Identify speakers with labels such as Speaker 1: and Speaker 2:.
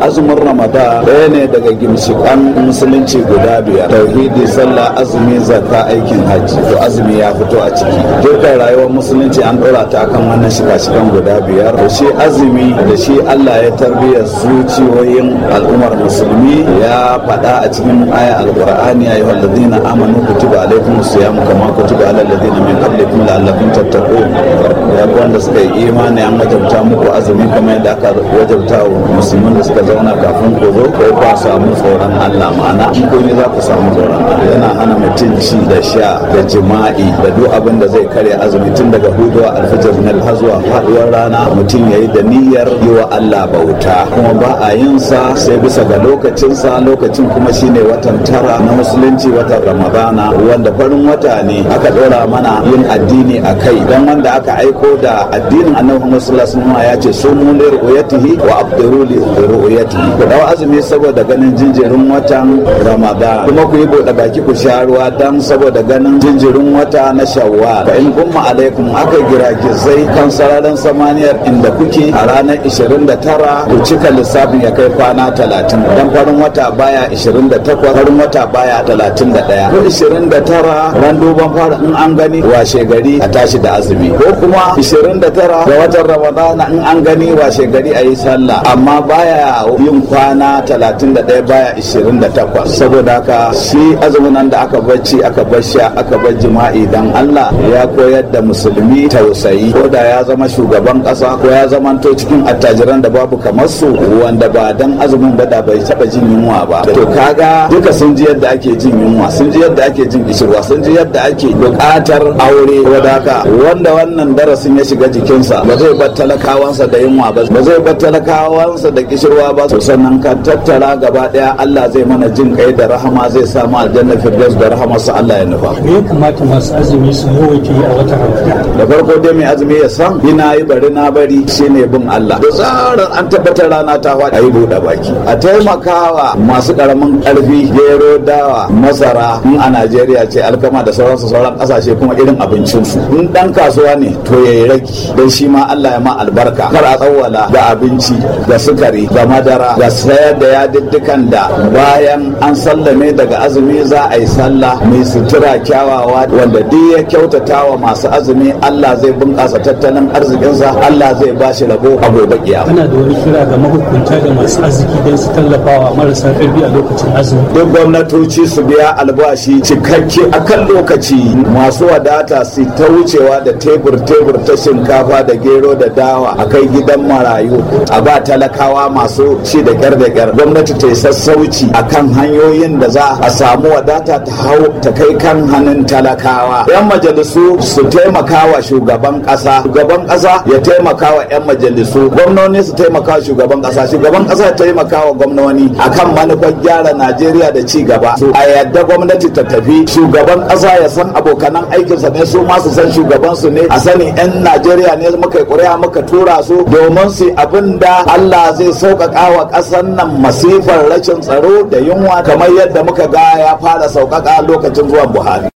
Speaker 1: azumin ramadan ɗaya ne daga gimshikan musulunci guda biyar tauhidi sallah azumi zakka aikin hajji to azumi ya fito a ciki dukkan rayuwar musulunci an ɗora ta akan wannan shika-shikan guda biyar to shi azumi da shi allah ya tarbiyyar zuciyoyin al'ummar musulmi ya faɗa a cikin aya alqur'ani ya ayyuhal ladina amanu kutiba alaikum siyam kama kutiba alal na min qablikum la'allakum tattaqun ya wanda suka yi imani an wajabta muku azumi kamar yadda aka wajabta wa musulmin da suka zauna kafin ko zo ko ba samu tsoron Allah ma'ana in komai za ku samu tsoron Allah yana hana mutum ci da sha da jima'i da duk abin da zai kare azumi tun daga huduwa alfajir na hazuwa faduwar rana mutum yayi da niyyar yi wa Allah bauta kuma ba a yin sa sai bisa ga lokacinsa lokacin kuma shine watan tara na musulunci watan ramadana wanda farin wata ne aka dora mana yin addini a kai dan wanda aka aiko da addinin annabi Muhammad sallallahu alaihi wasallam ya ce sumu li ru'yatihi wa abdiru li ru'yatihi ru'yati ku dawo azumi saboda ganin jinjirin watan ramadan kuma ku yi bude baki ku sha ruwa dan saboda ganin jinjirin wata na shawwal fa in kumma alaikum aka giragizai kan sararin samaniyar inda kuke a ranar 29 ku cika lissafin ya kai kwana 30 dan farin wata baya 28 farin wata baya 31 ko 29 ran duban fara in an gani washe gari a tashi da azumi ko kuma 29 ga watan ramadana in an gani washe gari a yi sallah amma baya yin kwana 31 baya 28 saboda haka shi azumin nan da aka bacci aka basha aka bar jima'i dan Allah ya koyar da musulmi tausayi ko da ya zama shugaban kasa ko ya zama to cikin attajiran da babu kamar su wanda ba dan azumin ba da bai taba jin yunwa ba to kaga duka sun ji yadda ake jin yunwa sun ji yadda ake jin kishirwa sun ji yadda ake bukatar aure ka wanda wannan darasin ya shiga jikinsa ba zai bar talakawansa da yunwa ba ba zai bar talakawansa da kishirwa ba ba su sannan ka tattara gaba daya Allah zai mana jin kai da rahama zai sa mu aljanna firdaus da su Allah ya nufa me ya kamata masu azumi su yawaita yi a wata Ramadan da farko dai mai azumi ya san ina yi bari na bari shine bin Allah da zarar an tabbatar rana ta faɗi yi buɗe baki a taimakawa masu karamin karfi gero dawa masara in a Najeriya ce alkama da sauransu sauran kasashe kuma irin abincin su in dan kasuwa ne to yayi raki dan shi ma Allah ya ma albarka kar a tsawwala da abinci da sukari da madara madara da sayar da yadiddikan da bayan an sallame daga azumi za a yi sallah mai sutura kyawawa wanda duk ya kyautata wa masu azumi Allah zai bunƙasa tattalin arzikinsa Allah zai ba shi rabo a gobe kiyama kana da wani kira ga mahukunta da masu arziki don su tallafa wa marasa karfi a lokacin azumi duk gwamnatoci su biya albashi cikakke akan lokaci masu wadata su ta wucewa da tebur tebur ta shinkafa da gero da dawa a kai gidan marayu a ba talakawa masu zo shi da kyar da kyar gwamnati ta yi sassauci kan hanyoyin da za a samu wadata ta hau ta kai kan hannun talakawa yan majalisu su taimakawa wa shugaban kasa shugaban kasa ya taimakawa yan majalisu gwamnoni su taimaka shugaban kasa shugaban kasa ya taimaka wa gwamnoni kan manufar gyara najeriya da ci gaba a yadda gwamnati ta tafi shugaban kasa ya san abokanan aikinsa ne su ma su san shugaban su ne a sani yan najeriya ne muka yi ƙuri'a muka tura su domin su abin da allah zai sauƙaƙa wa ƙasar nan masifar rashin tsaro da yunwa kamar yadda muka ga ya fara sauƙaƙa lokacin zuwan buhari